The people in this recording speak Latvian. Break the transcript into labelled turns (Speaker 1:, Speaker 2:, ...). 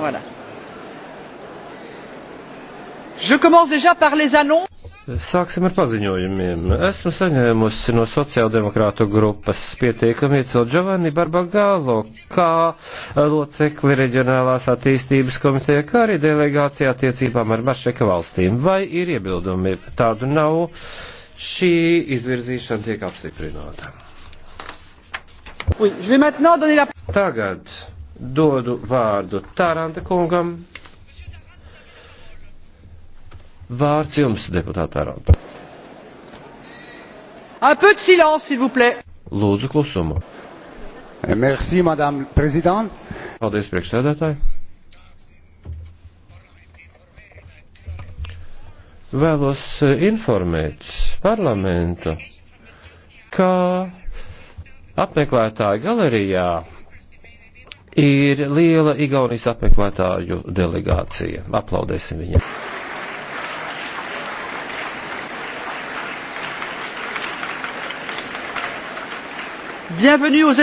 Speaker 1: Voilà. Je commence déjà par les annonces.
Speaker 2: Sāksim ar paziņojumiem. Esmu saņēmusi no sociāldemokrātu grupas pietiekami iecelt Giovanni Barbagālo, kā eh, locekli reģionālās attīstības komiteja, kā arī delegācijā attiecībām ar Mašeka valstīm. Vai ir iebildumi? Tādu nav. Šī izvirzīšana tiek apstiprināta. Tagad dodu vārdu Tāranta kungam. Vārds
Speaker 1: jums, deputāta Tāranta. Un peu de silence, s'il vous plaît. Lūdzu klusumu. Merci, madame prezident. Paldies, priekšsēdētāji.
Speaker 2: Vēlos eh, informēt parlamentu, ka apmeklētāju galerijā ir liela Igaunijas apmeklētāju delegācija. Aplaudēsim viņiem! Bienvenue aux